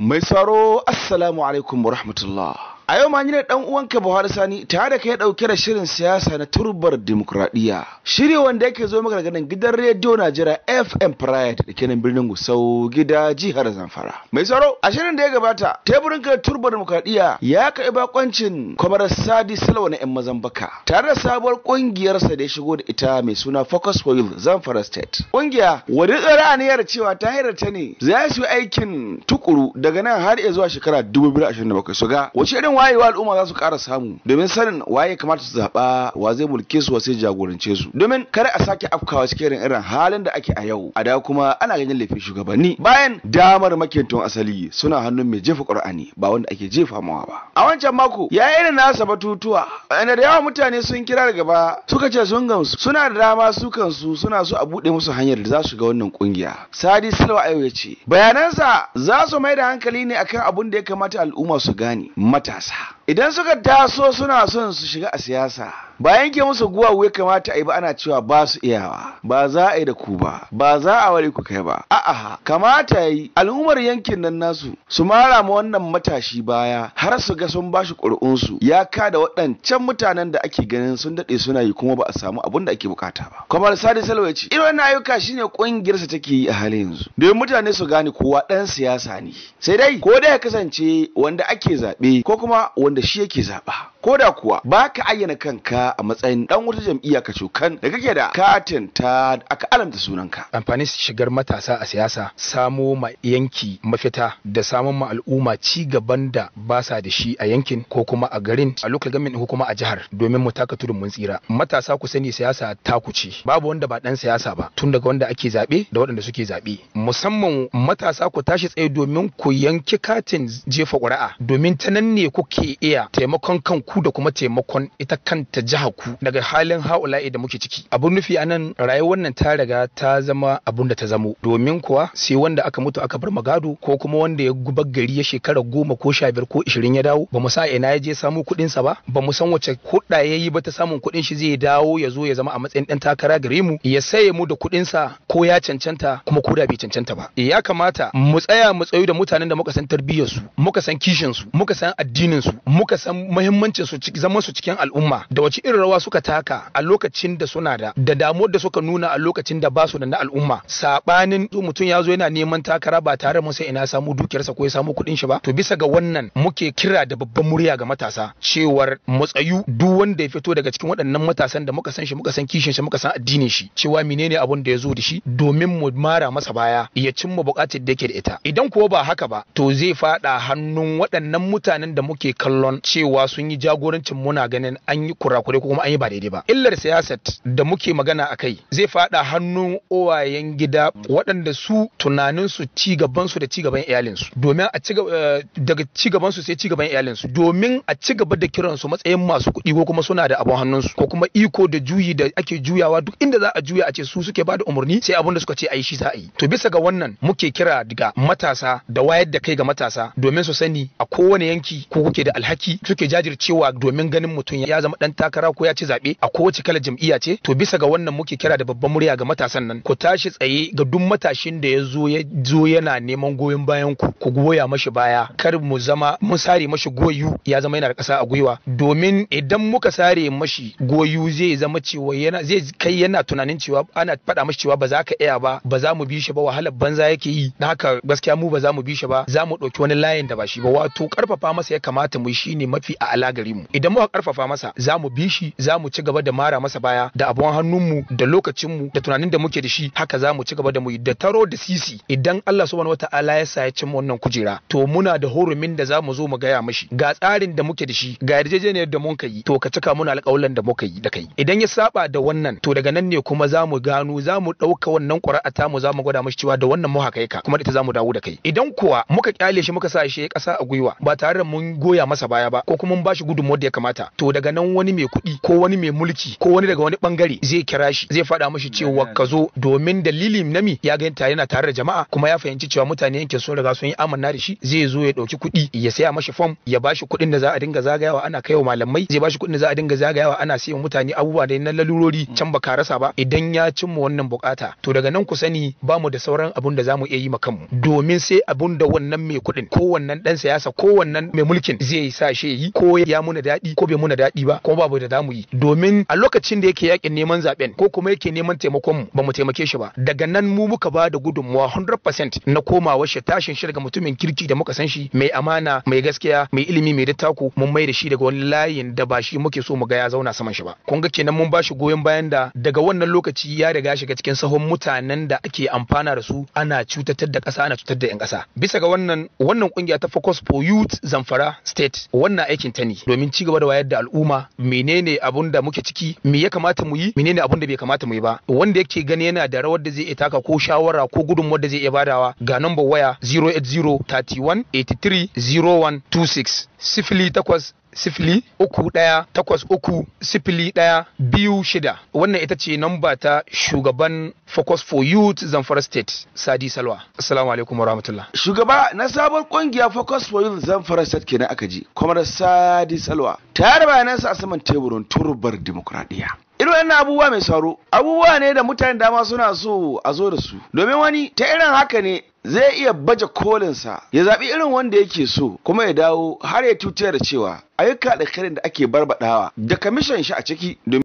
ميسارو السلام عليكم ورحمة الله a yau ma ne dan uwanka Buhari Sani tare da kai dauke da shirin siyasa na turbar demokradiya shiri wanda yake zo maka daga gidan rediyo Najeriya FM Pride da kenan birnin Gusau gida jihar Zamfara mai tsaro a shirin da ya gabata teburin ka turbar demokradiya ya kai bakoncin kwamar Sadi Salwa na yan Mazambaka tare da sabuwar kungiyar sa da ya shigo da ita mai suna Focus for Youth Zamfara State kungiya wadda tsara aniyar cewa ta ta ne za su aikin tukuru daga nan har zuwa shekara 2027 So ga wace irin wayewa al'umma za su ƙara samu domin sanin waye kamata su zaɓa wa zai mulke su wa sai jagorance su domin kar a sake afkawa cikin irin halin da ake a yau a da kuma ana ganin laifin shugabanni bayan damar makintun asali suna hannun mai jefa ƙur'ani ba wanda ake jefa mawa ba a wancan mako ya irin nasa batutuwa wanda da yawa mutane sun kira gaba suka ce sun gamsu suna da dama su kansu suna so a buɗe musu hanyar da za su ga wannan ƙungiya. sadi silwa ayo ya ce bayanansa za su mai da hankali ne akan abin da ya kamata al'umma su gane matasa casa. idan suka taso suna son su shiga a siyasa ba yanke musu guwa ya kamata a yi ba ana cewa ba su iyawa ba za a yi da ku ba ba za a wari ku kai ba a'a kamata yi al'ummar yankin nan nasu su mara ma wannan matashi baya har su ga sun bashi ƙuri'unsu ya ka da waɗancan mutanen da ake ganin sun daɗe suna yi kuma ba a samu abun da ake bukata ba kamar sadi salwa ce irin wannan ayyuka shine ƙungiyarsa take yi a halin yanzu domin mutane su gane kowa ɗan siyasa ne sai dai ko da ya kasance wanda ake zaɓe ko kuma wanda wanda shi yake zaɓa ko da kuwa ba ka ayyana kanka a matsayin dan wata jam'iyya ka cokan da kake da katin ta aka alamta sunanka amfanin shigar matasa a siyasa samo ma yanki mafita da samun ma al'umma ci gaban da ba sa da shi a yankin ko kuma a garin a local government ko kuma a jihar domin mu taka tudun mun tsira matasa ku sani siyasa ta kuce babu wanda ba dan siyasa ba tun daga wanda ake zabe da waɗanda suke zabe musamman matasa ku tashi tsaye domin ku yanki katin jefa ƙuri'a domin ta nan ne kuke iya taimakon kanku ku da kuma taimakon ita kanta jiha ku daga halin haula'i da muke ciki abun nufi anan rayuwar nan ta riga ta zama abun da ta zamo domin kuwa sai wanda aka mutu aka bar magado ko kuma wanda ya gubar gari ya shekara goma ko sha biyar ko ishirin ya dawo ba mu sa ina ya je samu kuɗin sa ba ba mu san wace kuɗa ya yi ba ta samun kuɗin shi zai dawo ya zo ya zama a matsayin ɗan takara gare mu ya saye mu da kuɗin sa ko ya cancanta kuma ko da bai cancanta ba eh, ya kamata mu tsaya mu tsayu da mutanen da muka san tarbiyyar su muka san kishin su muka san addinin su muka san muhimmancin su zaman su cikin al'umma da wace irin rawa suka taka a lokacin da suna da da damuwar da suka nuna a lokacin da basu da na al'umma sabanin mutum ya zo yana neman takara ba tare mun sai ina samu dukiyarsa ko ya samu kuɗin shi ba to bisa ga wannan muke kira da babban murya ga matasa cewar matsayu duk wanda ya fito daga cikin waɗannan matasan da muka san shi muka san kishin shi muka san addinin shi cewa menene abun da ya zo da shi domin mu mara masa baya ya cimma buƙatar da yake da ita idan kuwa ba haka ba to zai faɗa hannun waɗannan mutanen da muke kallon cewa sun yi jawo jagorancin muna ganin an yi kurakurai ko kuma an yi ba daidai ba illar siyasat da muke magana a kai zai fada hannun owayen gida waɗanda su tunanin su ci gaban su da ci gaban iyalin su domin a ci eh, daga ci gaban su sai ci gaban iyalin su domin a ci gaba da kiran su matsayin masu kuɗi ko kuma suna da abun hannun su ko kuma iko da juyi da ake juyawa duk inda za a juya a ce su suke bada umarni sai abun da suka ce a shi za a yi to bisa ga wannan muke kira daga matasa da wayar da kai ga matasa domin su sani a kowane yanki ko kuke da alhaki suke jajircewa wa domin ganin mutum ya zama dan takara ko ya ci zaɓe a kowace kala jam'iyya ce to bisa ga wannan muke kira da babban murya ga matasan nan ku tashi tsaye ga duk matashin da ya zo ya zo yana neman goyon bayan ku ku goya mashi baya kar mu zama mun sare mashi goyu ya zama yana da ƙasa a gwiwa domin idan muka sare mashi goyu zai zama cewa yana zai kai yana tunanin cewa ana faɗa mashi cewa ba za ka iya ba ba za mu bi shi ba wahalar banza yake yi na haka gaskiya mu ba za mu bi shi ba za mu ɗauki wani layin da ba shi ba wato karfafa masa ya kamata mu ne mafi a alagar garin mu idan muka karfafa masa za mu bi shi za mu ci gaba da mara masa baya da abun hannunmu da lokacinmu da tunanin da muke da shi haka za mu ci gaba da mu da taro da sisi idan Allah subhanahu wataala ya sa ya cimma wannan kujera to muna da hurumin da za mu zo mu gaya mashi ga tsarin da muke da shi ga yarjejeniyar da muka yi to ka cika muna alƙawalan da muka yi da kai idan ya saba da wannan to daga nan ne kuma za mu gano za mu ɗauka wannan ƙura'a ta mu za mu gwada mashi cewa da wannan mu haka kuma da ita za mu dawo da kai idan kuwa muka kyale shi muka sa shi ƙasa a gwiwa ba tare da mun goya masa baya ba ko kuma mun gudu gudunmuwar da ya kamata to daga nan wani mai kuɗi ko wani mai mulki ko wani daga wani bangare zai kira shi zai faɗa mashi cewa ka zo domin dalilin nami ya ga yana tare da jama'a kuma ya fahimci cewa mutane yankin sun riga sun yi amanna da shi zai zo ya ɗauki kuɗi ya saya mashi fom ya bashi kuɗin da za a dinga zagayawa ana wa malamai zai bashi kuɗin da za a dinga zagayawa ana sayan mutane abubuwa da na lalurori can baka rasa ba idan ya cimma wannan bukata to daga nan ku sani ba mu da sauran abun da za mu iya yi ma kanmu domin sai abun da wannan mai kuɗin ko wannan ɗan siyasa ko wannan mai mulkin zai sa shi yi ko ya muna daɗi ko bai muna daɗi ba kuma babu da damu yi domin a lokacin da yake yakin neman zaben ko kuma yake neman taimakon mu ba mu taimake shi ba daga nan mu muka ba da gudunmuwa 100% na komawa shi tashin shi daga mutumin kirki da muka san shi mai amana mai gaskiya mai ilimi mai dattako mun mai da shi daga wani layin da ba shi muke so mu ga ya zauna saman shi ba kun ga kenan mun ba shi goyon bayan da daga wannan lokaci ya riga shiga cikin sahun mutanen da ake amfana da su ana cutatar da ƙasa ana cutar da 'yan ƙasa bisa ga wannan wannan kungiya ta focus for youth zamfara state wannan aikin ta ne domin ci gaba da wayar da al'umma menene abun da muke ciki me ya kamata mu yi menene abun da bai kamata mu yi ba wanda yake gani yana da rawar da zai iya taka ko shawara ko gudunmuwar da zai iya badawa ga number waya 08031830126 31 83 01 26 sifili takwas sifili uku ɗaya takwas uku sifili ɗaya biyu shida wannan ita ce namba ta shugaban focus for youth zamfara state sadi salwa assalamu alaikum warahmatullah shugaba na sabon kungiya focus for youth zamfara state kenan aka ji kwamar sadi salwa ta tare bayanansa a saman teburin turbar dimokuraɗiyya irin wannan abubuwa mai sauro abubuwa ne da mutane dama suna so a zo da su domin wani ta irin haka ne zai iya baje kolinsa ya zaɓi irin wanda yake so kuma ya dawo har ya tutar da cewa ayyuka da da ake barbaɗawa da kamishin shi a ciki